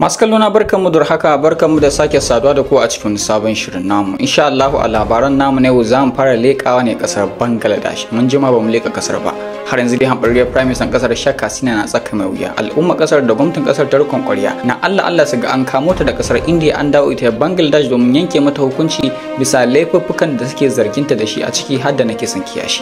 Masu Maskaluna barkanmu da haka barkanmu da sake saduwa da ku a cikin sabon shirin namu. Insha Allah a labaran namu na yau za mu fara lekawa ne kasar Bangladesh. Mun jima ba mu leka kasar ba. Har yanzu dai hamburger prime minister kasar Shaka Sina na tsaka mai wuya. Al'umma kasar da gwamnatin kasar ta rukun na Allah Allah su ga an kamo ta da kasar India an dawo ita Bangladesh domin yanke mata hukunci bisa laifuffukan da suke zarginta da shi a ciki har da na son kiyashi.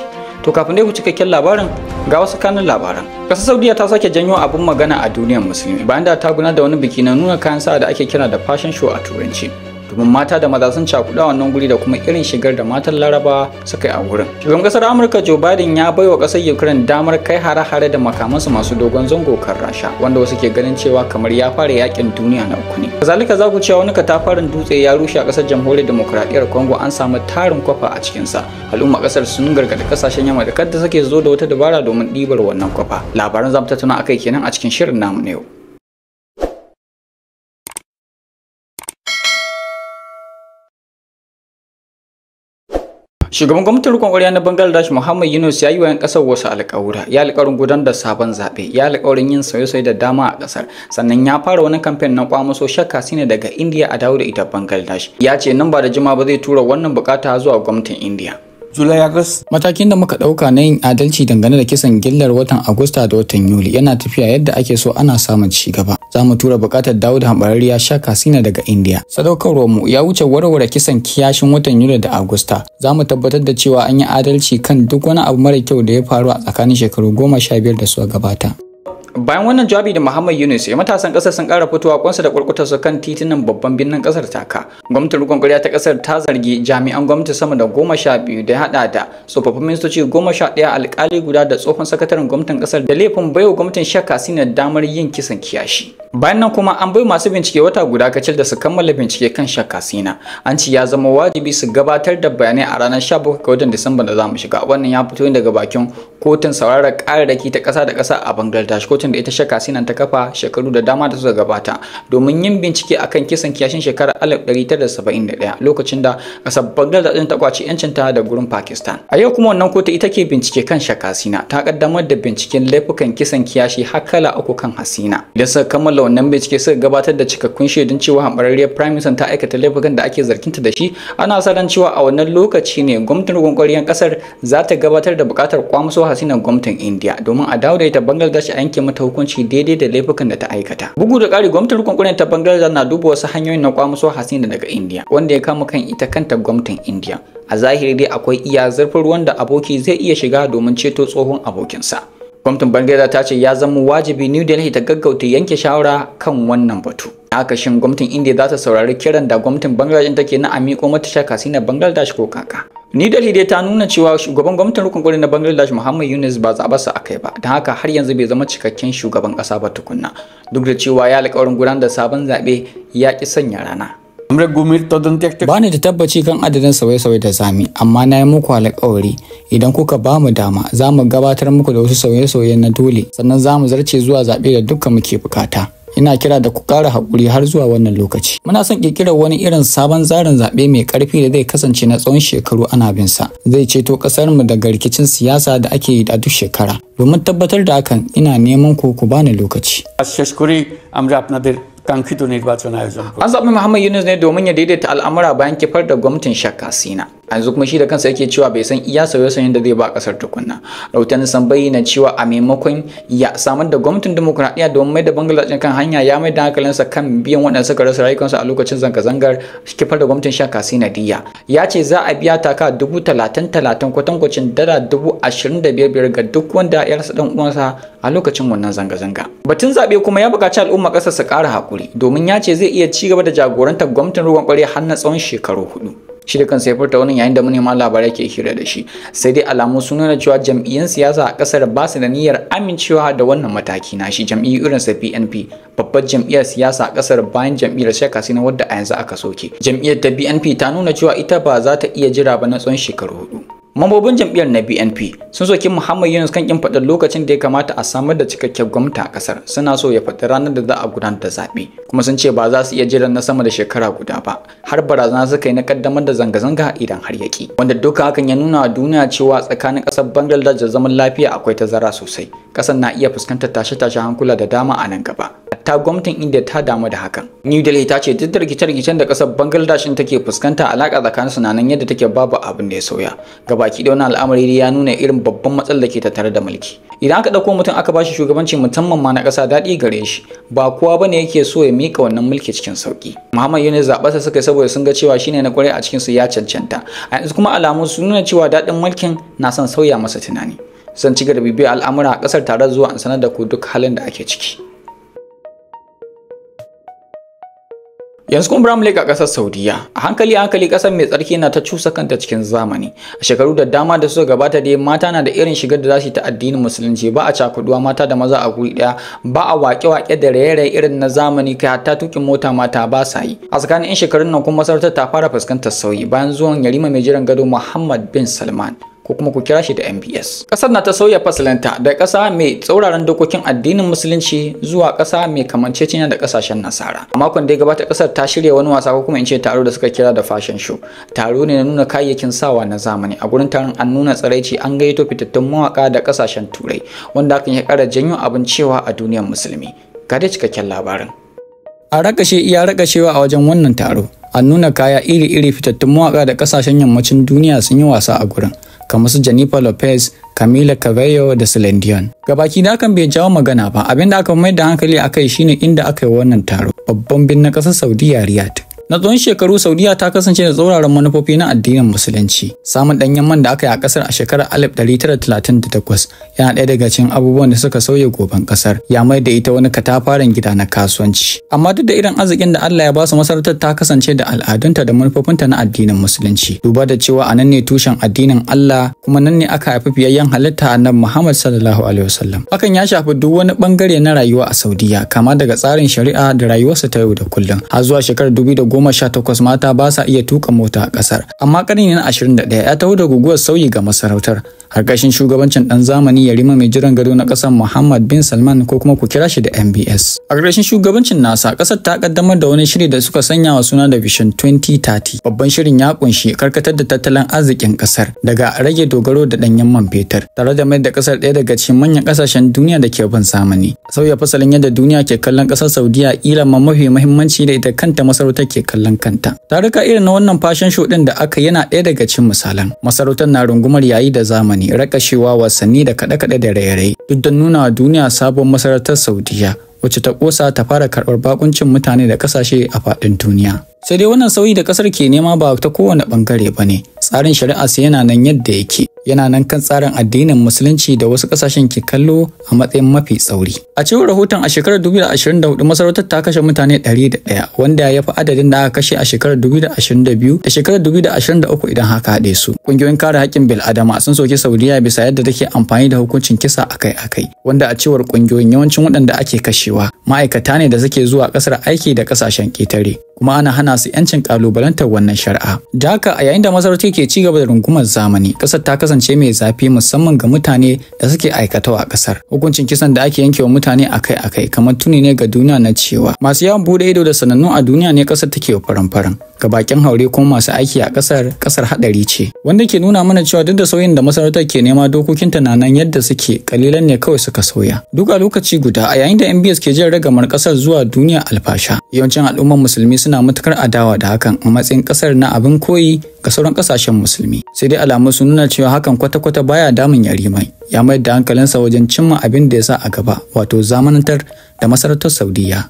To kafin dai ku cikakken labarin ga wasu kanin labaran. Kasar Saudiya ta sake janyo abin magana a duniyar musulmi bayan da ta gudanar da wani biki na nuna kayan sa'a da ake kira da fashion show a turanci. domin mata da maza sun cakuɗa wannan guri da kuma irin shigar da matan laraba suka yi a wurin shugaban kasar amurka joe biden ya baiwa kasar ukraine damar kai hare-hare da makamansu masu dogon zango kan rasha wanda wasu ke ganin cewa kamar ya fara yakin duniya na uku ne kazalika za ku cewa wani katafarin dutse ya rushe a kasar jamhuriyar demokradiyyar congo an samu tarin kwafa a cikinsa al'umma kasar sun gargaɗi kasashen yamma da kadda suke zo da wata dabara domin ɗibar wannan kwafa labaran zamtatuna akai kenan a cikin shirin namu na yau Shugaban gwamnatin rukun ƙwarya na Bangladesh Muhammad Yunus ya yi wa kasar ƙasar wasu alƙawura, ya alƙawarin gudanar da sabon zaɓe, ya alƙawarin yin sauye-sauye da dama a ƙasar, sannan ya fara wani kamfen na kwamaso shakka ne daga India a dawo da ita Bangladesh. Ya ce nan ba da jima ba zai tura wannan bukata zuwa gwamnatin India. Julai August. Matakin da muka ɗauka na yin adalci dangane da kisan gillar watan Agusta da watan Yuli yana tafiya yadda ake so ana samun ci gaba. Za mu tura buƙatar dawo da hambararriya sha kasina daga India. mu ya wuce warware kisan kiyashin watan Yuli da Agusta. Za mu tabbatar da cewa an yi adalci kan duk wani abu mara kyau da ya faru a tsakanin shekaru goma sha biyar da suka gabata. bayan wannan jawabi da muhammad yunus ya matasan kasar sun kara fitowa kwansa da su kan titunan babban birnin kasar taka gwamnatin rukun kuriya ta kasar ta zargi jami'an gwamnati sama da goma sha biyu da hada da tsofaffin ministoci goma sha ɗaya alkali guda da tsohon sakataren gwamnatin kasar da laifin baiwa gwamnatin shakka sina damar yin kisan kiyashi bayan nan kuma an bai masu bincike wata guda kacal da su kammala bincike kan shakka sina an ci ya zama wajibi su gabatar da bayanai a ranar 17 ga watan disamba da zamu shiga wannan ya fito daga bakin kotun saurara kararraki ta ƙasa da ƙasa a bangladesh kotun da ita shaka sinan ta kafa shekaru da dama da suka gabata domin yin bincike akan kisan kiyashin shekarar 1971 lokacin da ƙasar bangladesh din ta kwaci yancinta da gurin pakistan a yau kuma wannan kotu ita ke bincike kan shaka sina ta kaddamar da binciken laifukan kisan kiyashi har kala uku kan hasina idan suka kammala wannan bincike suka gabatar da cikakkun shaidun cewa hambararriyar prime minister ta aikata laifukan da ake zarginta da shi ana sa cewa a wannan lokaci ne gwamnatin rukun ƙasar za ta gabatar da buƙatar kwamso hasinan gwamnatin India domin a dawo da ita Bangladesh a yanke mata hukunci daidai da laifukan da ta aikata. Bugu da ƙari gwamnatin rukunkunan ta Bangladesh na duba wasu hanyoyin na kwamiso hasina daga India wanda ya kama kan ita kanta gwamnatin India. A zahiri dai akwai iya zurfin ruwan da aboki zai iya shiga domin ceto tsohon abokinsa. Gwamnatin Bangladesh ta ce ya zama wajibi New Delhi ta gaggauta yanke shawara kan wannan batu. Haka shin gwamnatin India za ta saurari kiran da gwamnatin Bangladesh take na a amiko mata shaka na Bangladesh ko kaka. Ni dalilai ta nuna cewa shugaban gwamnatin rukun kwari na Bangladesh Muhammad Yunus ba zaɓa sa aka yi ba, don haka har yanzu bai zama cikakken shugaban ƙasa ba tukunna, duk da cewa ya alƙawarin gudanar da sabon zaɓe ya ƙi sanya rana. Ba ni da tabbaci kan adadin sauye-sauye da zami, amma na yi muku alƙawari idan kuka ba mu dama za mu gabatar muku da wasu sauye-sauye na dole, sannan za mu zarce zuwa zaɓe da dukkan muke bukata. ina kira da ku ƙara hakuri har zuwa wannan lokaci muna son ƙirƙirar wani irin sabon tsarin zaɓe mai ƙarfi da zai kasance na tsawon shekaru ana bin sa zai ceto ƙasarmu mu daga rikicin siyasa da ake yi a duk shekara domin tabbatar da hakan ina neman ku ku bani lokaci An zaɓi Muhammad Yunus ne domin ya daidaita al'amura bayan kifar da gwamnatin shakasina yanzu kuma shi da kansa yake cewa bai san iya sauye-sauyen da zai ba kasar tukunna rahotanni sun bayyana cewa a maimakon ya samar da gwamnatin demokuraɗiyya domin mai da bangladesh kan hanya ya mai da hankalinsa kan biyan waɗanda suka rasa rayukansu a lokacin zanga-zangar kifar da gwamnatin sha kasina diya ya ce za a biya taka dubu talatin talatin dala dubu ga duk wanda ya rasa ɗan uwansa a lokacin wannan zanga-zanga batun zaɓe kuma ya buƙaci al'umma ƙasar su ƙara haƙuri domin ya ce zai iya ci gaba da jagorantar gwamnatin ruwan ƙwarya har na tsawon shekaru hudu shi da kansa ya furta wannan yayin da manema labarai ke hira da shi sai dai alamu sun nuna cewa jam'iyyar siyasa a kasar ba su da niyyar amincewa da wannan mataki na shi jam'iyyu irin sa PNP babbar jam'iyyar siyasa a kasar bayan jam'iyyar Sheikh Hasina wadda a yanzu aka soke jam'iyyar ta BNP ta nuna cewa ita ba za ta iya jira ba na tsawon shekaru hudu Mambobin jam'iyyar na BNP sun soki Muhammad Yunus kan kin faɗin lokacin da ya kamata a samar da cikakken gwamnati a ƙasar. Suna so ya faɗi ranar da za a gudanar da zaɓe, kuma sun ce ba za su iya jiran na sama da shekara guda ba. Har barazana suka yi na kaddamar da zanga-zanga idan har yaƙi, wanda duka hakan ya nuna wa duniya cewa tsakanin ƙasar Bangladesh da zaman lafiya akwai tazara sosai. kasan na iya fuskantar tashe-tashen hankula da dama a nan gaba ta gwamnatin india ta damu da hakan new delhi ta ce duk da rikice-rikicen da kasar bangladesh take fuskanta alaka tsakanin su nan yadda take babu abin da ya sauya gabaki da wani al'amari ya nuna irin babban matsalar da ke tattare da mulki idan aka dauko mutum aka bashi shugabanci musamman ma na kasa daɗi gare shi ba kowa bane yake so ya mika wannan mulki cikin sauki muhammad yunus zaɓarsa suka saboda sun ga cewa shine na kwarai a cikin su ya cancanta a yanzu kuma alamu sun nuna cewa daɗin mulkin na son sauya masa tunani zan ci gaba bibiyar al'amura a kasar tare zuwa in sanar da ku duk halin da ake ciki yanzu kuma Bram Lake a kasar Saudiya a hankali a hankali kasar mai tsarki na ta cusa kanta cikin zamani a shekaru da dama da suka gabata dai mata na da irin shigar da za su ta addinin musulunci ba a cakuduwa mata da maza a guri daya ba a waƙe-waƙe da raye irin na zamani kai hatta tukin mota mata ba sa yi a tsakanin 'yan shekarun nan kuma masarautar ta fara fuskantar sauyi bayan zuwan yarima mai jiran gado Muhammad bin Salman ko kuma ku kira shi da MBS. kasar na ta sauya fasalanta da kasa mai tsauraran dokokin addinin musulunci zuwa ƙasa mai kamanceceniya da kasashen nasara. A makon da ya gabata kasar ta shirya wani wasa ko kuma in ce taro da suka kira da fashion show. Taro ne na nuna kayayyakin sawa na zamani. A gurin taron an nuna tsiraici an gayyato fitattun mawaka da kasashen turai wanda hakan ya kara janyo abin cewa a duniyar musulmi. Ga dai cikakken labarin. A rakashe iya rakashewa a wajen wannan taro. An nuna kaya iri-iri fitattun mawaka da kasashen yammacin duniya sun yi wasa a gurin. kamar su Jennifer Lopez, Camila Cabello da Celine Dion. Gabaki da hakan bai jawo magana ba, abinda aka mai da hankali akai shine inda aka yi wannan taro, babban birnin ƙasar Saudiya Riyadh. Na tsawon shekaru Saudiya ta kasance da tsauraran manufofi na addinin Musulunci. Samun ɗanyen man da aka yi a ƙasar a shekarar takwas, yana ɗaya daga cikin abubuwan da suka sauya goben ƙasar, ya mai da ita wani katafaren gida na kasuwanci. Amma duk da irin arzikin da Allah ya ba su masarautar ta kasance da al'adunta da manufofinta na addinin Musulunci. Duba da cewa a nan ne tushen addinin Allah kuma nan ne aka haifi fiyayyen halitta a nan Muhammad sallallahu alaihi wasallam. Hakan ya shafi duk wani bangare na rayuwa a Saudiya kama daga tsarin shari'a da rayuwarsa ta yau da kullum har zuwa shekarar 2010 goma sha takwas mata ba sa iya tuka mota a ƙasar. Amma ƙarni na ashirin da ɗaya ya taho da guguwar sauyi ga masarautar. Harkashin shugabancin ɗan zamani Yarima mai jiran gado na kasar Muhammad bin Salman ko kuma ku kira shi da MBS. A ƙarshen shugabancin nasa ƙasar ta ƙaddamar da wani shiri da suka sanya wa suna da Vision 2030. Babban shirin ya ƙunshi karkatar da tattalin arzikin ƙasar daga rage dogaro da danyen man fetur tare da mai da ƙasar ɗaya daga cikin manyan ƙasashen duniya da ke bin zamani. Sauya fasalin yadda duniya ke kallon ƙasar Saudiya ila ma mafi muhimmanci da ita kanta masarautar ke kallon kanta. Taruka irin na wannan fashin show ɗin da aka yana ɗaya daga cikin misalan. Masarautar na rungumar yayi da zamani, rakashewa wasanni da kaɗe-kaɗe da raye duk don nuna wa duniya sabon masarautar Saudiya, wacce ta ƙosa ta fara karɓar bakuncin mutane da ƙasashe a faɗin duniya. sai dai wannan sauyi da kasar ke nema ba ta kowane bangare ba ne tsarin shari'a sai yana nan yadda yake yana nan kan tsarin addinin musulunci da wasu kasashen ke kallo a matsayin mafi tsauri a cewar rahoton a shekarar 2024 masarautar ta kashe mutane 101 wanda ya fi adadin da aka kashe a shekarar 2022 da shekarar 2023 idan haka haɗe su ƙungiyoyin kare haƙƙin bil'adama sun soke saudiya bisa yadda take amfani da hukuncin kisa akai-akai wanda a cewar ƙungiyoyin yawancin waɗanda ake kashewa ma'aikata ne da suke zuwa ƙasar aiki da ƙasashen ƙetare kuma ana hana su yancin kalubalantar wannan shari'a. Da haka a yayin da masarauti ke ci gaba da rungumar zamani, ƙasar ta kasance mai zafi musamman ga mutane da suke aikatawa a ƙasar. Hukuncin kisan da ake yankewa mutane akai-akai kamar tuni ne ga duniya na cewa masu yawon bude ido da sanannu a duniya ne ƙasar take faran-faran. ga bakin haure kuma masu aiki a kasar kasar hadari ce wanda ke nuna mana cewa duk da sauyin da masarautar ke nema dokokin ta nan yadda suke kalilan ne kawai suka sauya duk a lokaci guda a yayin da MBS ke jin ragamar kasar zuwa duniya alfasha yawancin al'ummar musulmi suna matukar adawa da hakan a matsayin kasar na abin koyi ga sauran kasashen musulmi sai dai alamu sun nuna cewa hakan kwata-kwata baya damun yarimai ya mayar da hankalinsa wajen cimma abin da ya sa a gaba wato zamanantar da masarautar saudiya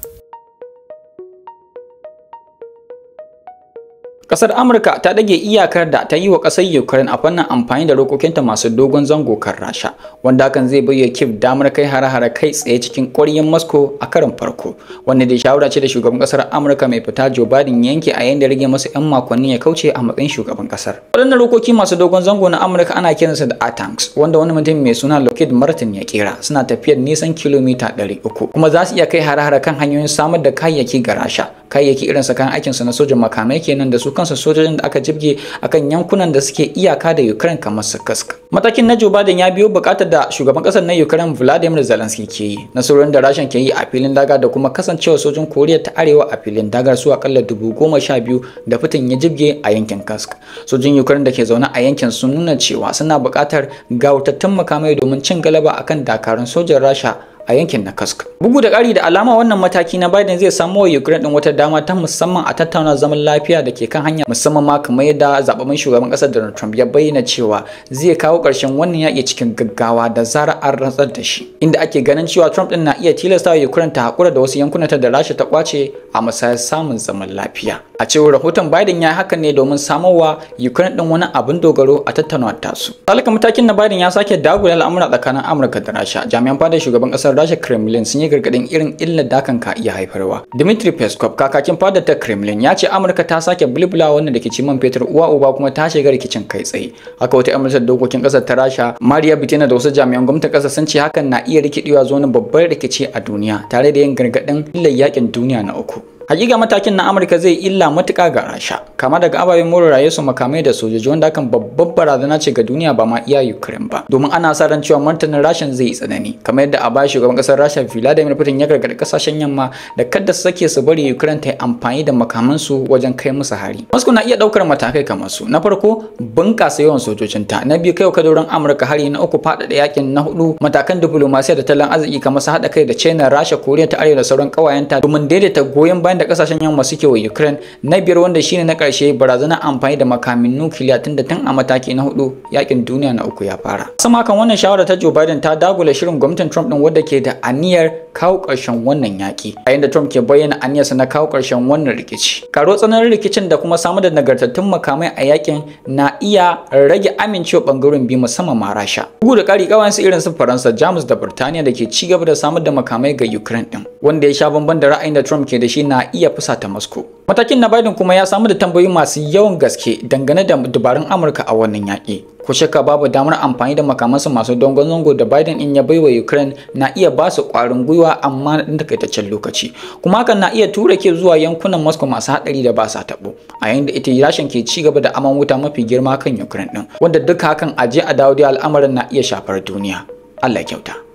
Kasar Amurka ta ɗage iyakar da ta yi wa ƙasar Ukraine a fannin amfani da rokokinta masu dogon zango kan Rasha, wanda hakan zai baiwa Kiev damar kai hare-hare kai tsaye cikin ƙwaryen Moscow a karin farko, wanda da shawara ce da shugaban ƙasar Amurka mai fita Joe Biden yanke a yayin da rage masa 'yan makonni ya kauce a matsayin shugaban ƙasar. Waɗannan rokoki masu dogon zango na Amurka ana kiransa da A-tanks, wanda wani mutum mai suna Lockheed Martin ya kera, suna tafiyar nisan kilomita 300, kuma za su iya kai hare-hare kan hanyoyin samar da kayayyaki ga Rasha. kayayyaki irin sa kayan su na sojan makamai kenan da su kansa sojojin da aka jibge akan yankunan da suke iyaka da Ukraine kamar su kaska. Matakin na Joe Biden ya biyo bukatar da shugaban kasar na Ukraine Vladimir Zelensky ke yi, nasarorin da Rasha ke yi a filin daga da kuma kasancewa sojin Koriya ta Arewa a filin dagar su akalla dubu goma sha biyu da fitin ya jibge a yankin kaska. Sojin Ukraine da ke zaune a yankin sun nuna cewa suna bukatar gautattun makamai domin cin galaba akan dakarun sojan Rasha a yankin na Kask. Bugu da ƙari da alama wannan mataki na Biden zai samo wa Ukraine din wata dama ta musamman a tattauna zaman lafiya da ke kan hanya musamman ma kamar yadda zababben shugaban ƙasar Donald Trump ya bayyana cewa zai kawo ƙarshen wannan yaƙi cikin gaggawa da zarar an rantsar da shi. Inda ake ganin cewa Trump din na iya tilasta wa Ukraine ta haƙura da wasu ta da Rasha ta kwace a musayar samun zaman lafiya. A cewar rahoton Biden ya yi hakan ne domin samuwa Ukraine din wani abin dogaro a tattaunawar tasu. Talaka matakin na Biden ya sake dagula al'amura tsakanin Amurka da Rasha. Jami'an fadar shugaban ƙasar rasha kremlin sun yi gargadin irin illar da ka iya haifarwa dmitry peskov kakakin fadar ta kremlin ya ce amurka ta sake bulbula wannan rikicin man fetur uwa uba kuma ta shiga rikicin kai tsaye haka wata amurkar dokokin kasar ta rasha maria Butina da wasu jami'an gwamnatin kasar sun ce hakan na iya rikidewa zuwa babban rikici a duniya tare da yin gargadin illar yakin duniya na uku hakika matakin na amurka zai illa matuka ga rasha kama daga ababen more raye su makamai da sojoji wanda hakan babbar barazana ce ga duniya ba ma iya ukraine ba domin ana sa ran cewa martanin rashin zai yi tsanani kamar yadda a baya shugaban kasar rasha vladimir putin ya gargaɗi kasashen yamma da kada su sake su bari ukraine ta yi amfani da makamansu wajen kai musu hari moscow na iya ɗaukar matakai kamar su na farko bunƙasa yawan ta na biyu ka kadoron amurka hari na uku faɗaɗa yakin na hudu matakan diplomasiya da tallan arziki kamar su haɗa kai da china rasha koriya ta arewa da sauran ƙawayenta domin daidaita goyon bayan da kasashen yamma suke wa Ukraine na biyar wanda shine na karshe barazanar amfani da makamin nukiliya tun da tun a mataki na hudu yakin duniya na uku ya fara. Sama kan wannan shawara ta Joe Biden ta dagula shirin gwamnatin Trump din wadda ke da aniyar kawo ƙarshen wannan yaki. Yayin da Trump ke bayyana aniyarsa na kawo karshen wannan rikici. Karo tsananin rikicin da kuma samar da nagartattun makamai a yakin na iya rage amincewa bangaren biyu musamman ma Rasha. Bugu da ƙari su irin su Faransa, Jamus da Burtaniya da ke ci gaba da samar da makamai ga Ukraine din. Wanda ya sha bamban da ra'ayin da Trump ke da shi na na iya fusata Moscow. Matakin na Biden kuma ya samu da tambayoyi masu yawan gaske dangane da dabarun Amurka a wannan yaƙi. Ko shakka babu damar amfani da makamansu masu dongon zango da Biden in ya baiwa Ukraine na iya ba su ƙwarin gwiwa amma na takaitaccen lokaci. Kuma hakan na iya tura ke zuwa yankunan Moscow masu haɗari da ba sa taɓo. A yayin da ita Rashin ke ci gaba da aman wuta mafi girma kan Ukraine ɗin, wanda duka hakan aje a dawo da al'amarin na iya shafar duniya. Allah kyauta.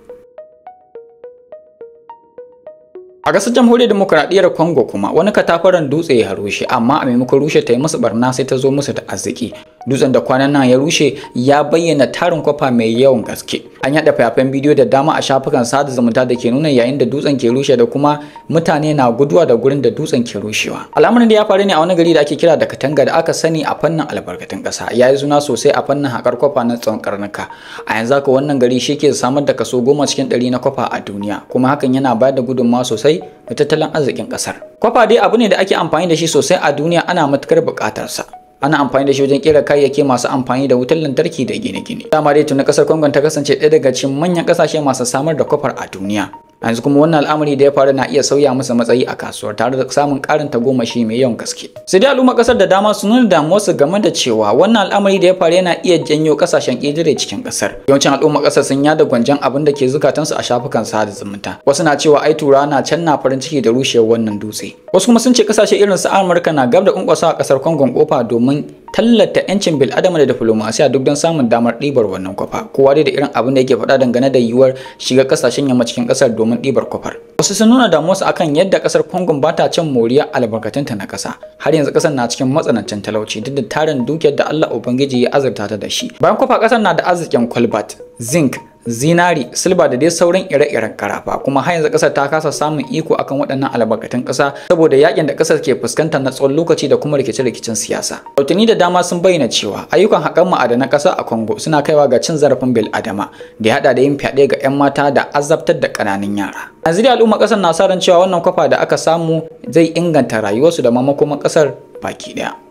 A ƙasar jamhuriyar demokuraɗiyyar Congo kuma wani katafaren dutse ya rushe amma a maimakon rushe ta yi musu barna sai ta zo musu da arziki. dutsen da kwanan nan ya rushe ya bayyana tarin kwafa mai yawan gaske an yada fayafen bidiyo da dama a shafukan sada zumunta da ke nuna yayin da dutsen ke rushe da kuma mutane na guduwa da gurin da dutsen ke rushewa al'amarin da ya faru ne a wani gari da ake kira da katanga da aka sani a fannin albarkatun ƙasa ya yi suna sosai a fannin haƙar kwafa na tsawon karnuka a yanzu haka wannan gari shi ke samar da kaso goma cikin ɗari na kwafa a duniya kuma hakan yana bayar da gudunmawa sosai ga tattalin arzikin ƙasar kwafa dai abu ne da ake amfani da shi sosai a duniya ana matukar buƙatarsa ana amfani da shi wajen kera kayayyaki masu amfani da wutar lantarki da gine-gine. Dama dai tuni kasar Congo ta kasance ɗaya daga cikin manyan ƙasashe masu samar da kwafar a duniya. yanzu kuma wannan al'amari da ya faru na iya sauya masa matsayi a kasuwar tare da samun karin tagomashi mai yawan gaske sai dai al'umma kasar da dama sun nuna su game da cewa wannan al'amari da ya faru yana iya janyo kasashen ƙetare cikin kasar yawancin al'umma kasar sun yada gwanjan abin da ke zukatansu a shafukan sada zumunta wasu na cewa ai tura na can na farin ciki da rushewar wannan dutse wasu kuma sun ce kasashe irin su amurka na gab da kunkwasa a kasar kongon kofa domin tallata 'yancin bil'adama da diflomasiya duk don samun damar ɗibar wannan kwafa kowa dai da irin abin da yake faɗa dangane da yiwuwar shiga kasashen yamma cikin ƙasar domin ɗibar kwafar wasu sun nuna damuwarsu akan yadda ƙasar congo ba ta cin moriya albarkatunta na ƙasa har yanzu ƙasar na cikin matsanancin talauci duk da tarin dukiyar da allah ubangiji ya azurta ta da shi bayan kwafa ƙasar na da arzikin kwalbat zinc zinari silba da dai sauran ire-iren karafa kuma har yanzu kasar ta kasa samun iko akan waɗannan albarkatun ƙasa saboda yakin da kasar ke fuskanta na tsawon lokaci da kuma rikice-rikicen siyasa rautani da dama sun bayyana cewa ayyukan haƙar ma'adanan ƙasa a Congo suna kaiwa ga cin zarafin bil adama da ya haɗa da yin fyaɗe ga 'yan mata da azabtar da ƙananan yara yanzu da al'umma ƙasar na sa ran cewa wannan kwafa da aka samu zai inganta rayuwarsu da makoman ƙasar baki ɗaya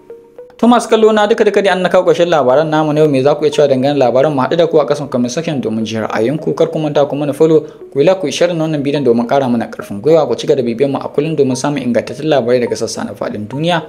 Tomas kallo na duka duka da an kawo ƙarshen labaran namu na yau me za ku iya cewa dangane labaran mu haɗu da ku a ƙasan comment section domin ji ku kar ku manta ku mana follow ku yi like ku share wannan bidiyon domin ƙara mana ƙarfin gwiwa ku ci gaba da bibiyar mu a kullum domin samun ingantattun labarai daga sassa na faɗin duniya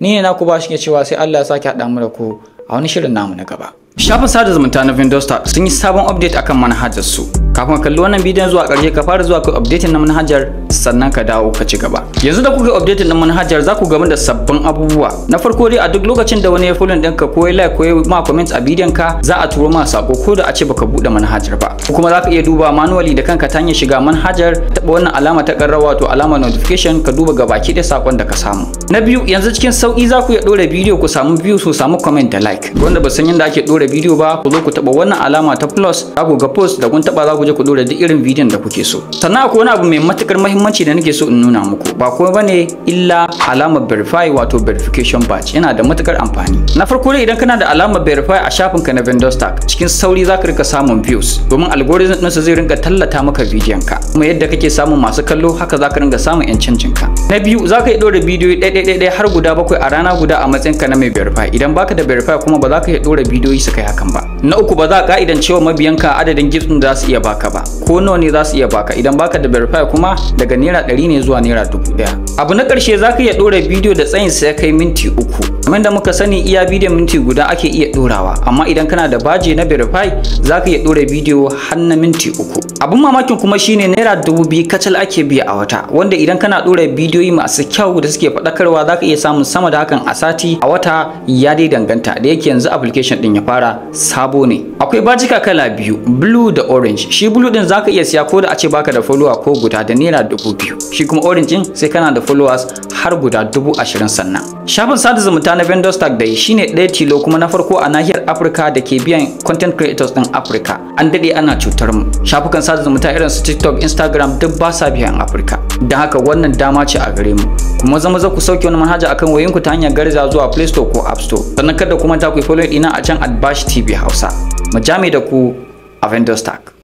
ni ne na ku ba shi cewa sai Allah ya sake haɗa mu da ku a wani shirin namu na gaba Shafin sada zumunta na Vindosta sun yi sabon update akan manhajar su. Kafin ka kalli wannan bidiyon zuwa ƙarshe ka fara zuwa kai updating na manhajar sannan ka dawo ka ci gaba. Yanzu da kuka updating na manhajar za ku gamu da sabbin abubuwa. Na farko dai a duk lokacin da wani ya follow ka ko ya like ko ya ma comment a bidiyon ka za a turo ma sako ko da a ce baka buɗe manhajar ba. Kuma za ka iya duba manually da kanka ta hanyar shiga manhajar taɓa wannan alama ta ƙararrawa wato alama notification ka duba baki da sakon da ka samu. Na biyu yanzu cikin sauki za ku iya ɗora bidiyo ku samu view su samu comment da like. Wanda ba san yadda ake ɗora dora bidiyo ba ku zo ku taba wannan alama ta plus za ku ga post da kun taba za ku je ku ɗora duk irin bidiyon da kuke so sannan akwai wani abu mai matukar muhimmanci da nake so in nuna muku ba kuma bane illa alamar verify wato verification badge yana da matukar amfani na farko idan kana da alamar verify a shafin ka na vendor stack cikin sauri za ka rika samun views domin algorithm su zai rinka tallata maka bidiyon ka kuma yadda kake samun masu kallo haka za ka rinka samun yancin ka na biyu za ka yi ɗora bidiyo ɗaya ɗaya har guda bakwai a rana guda a matsayin ka na mai verify idan baka da verify kuma ba za ka yi dora suka yi hakan ba na uku ba za a ka'idan cewa mabiyanka adadin gifts din za su iya baka ba ko nawa ne za su iya baka idan baka da verify kuma daga naira ɗari ne zuwa naira ɗaya. abu na karshe za ka iya dora bidiyo da tsayin sa ya kai minti uku kamar da muka sani iya bidiyon minti guda ake iya ɗorawa. amma idan kana da baje na verify za ka iya dora bidiyo har na minti uku abun mamakin kuma shine naira dubu biyu kacal ake biya a wata wanda idan kana dora bidiyoyi masu kyau da suke faɗakarwa zaka iya samun sama da hakan a sati a wata ya dai danganta da yake yanzu application din ya fara sabo ne akwai bajika kala biyu blue da orange shi blue din zaka iya siya ko da a ce baka da follower ko guda da naira dubu biyu shi kuma orange din sai kana da followers har guda dubu ashirin sannan shafin sada zumunta na vendor stack dai shine ɗaya tilo kuma na farko a nahiyar afirka da ke biyan content creators din afirka an daɗe ana cutar mu shafukan sada zumunta irin su TikTok, Instagram duk ba sa biyan Afirka. Don haka wannan dama ce a gare mu. Kuma zama za ku sauke wani manhaja akan ku ta hanyar garza zuwa Play Store ko App Store. Sannan kada ku manta ku follow ɗina a can Adbash TV Hausa. Mu jami da ku a Vendor Stack.